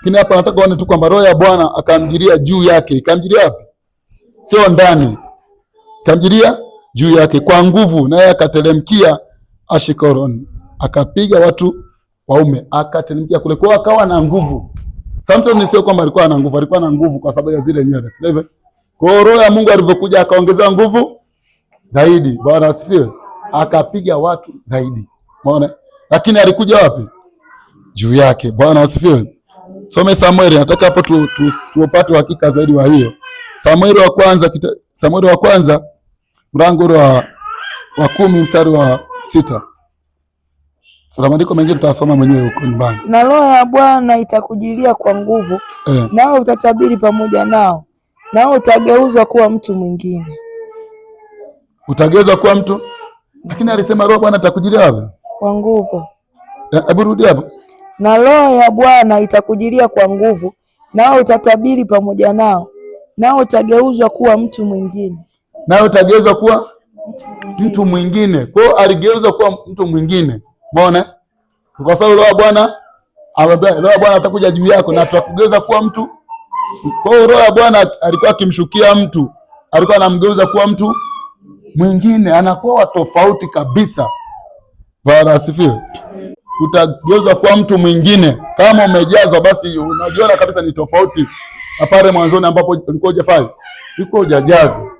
Lakini hapa nataka uone tu kwamba roho ya Bwana akaamjiria juu yake. Ikaamjiria wapi? Sio ndani. Ikaamjiria juu yake kwa nguvu, naye akateremkia Ashikoron, akapiga watu waume, akateremkia kule kwao, akawa na nguvu. Sometimes sio kwamba alikuwa na nguvu, alikuwa na nguvu kwa sababu ya zile nywele, si ndivyo? Kwa hiyo roho ya Mungu alivyokuja akaongeza nguvu zaidi. Bwana asifiwe. Akapiga watu zaidi. Umeona? Lakini alikuja wapi? Juu yake. Bwana asifiwe. Some Samueli, nataka hapo tuupate uhakika zaidi wa hiyo. Samueli wa kwanza, Samueli wa kwanza mlango wa wa kumi mstari wa sita. Kuna maandiko mengine tutasoma mwenyewe huko nyumbani. Na roho ya Bwana itakujilia kwa nguvu eh, nao utatabiri pamoja nao, nao utageuzwa kuwa mtu mwingine, utageuzwa kuwa mtu. Lakini alisema roho Bwana atakujilia wapi? Kwa nguvu. Eh, hebu rudi hapo na Roho ya Bwana itakujilia kwa nguvu, nao utatabiri pamoja nao, nao utageuzwa kuwa mtu mwingine, nao utageuzwa kuwa mtu mwingine. Kwa hiyo aligeuzwa kuwa mtu mwingine, umeona? Kwa sababu Roho ya Bwana Roho ya Bwana atakuja juu yako na atakugeuza kuwa mtu. Kwa hiyo Roho ya Bwana alikuwa akimshukia mtu, alikuwa anamgeuza kuwa mtu mwingine, anakuwa tofauti kabisa. Bwana asifiwe utajozwa kwa mtu mwingine. Kama umejazwa, basi unajiona kabisa ni tofauti na pale mwanzoni ambapo ulikuwa hujafai, ulikuwa hujajazwa.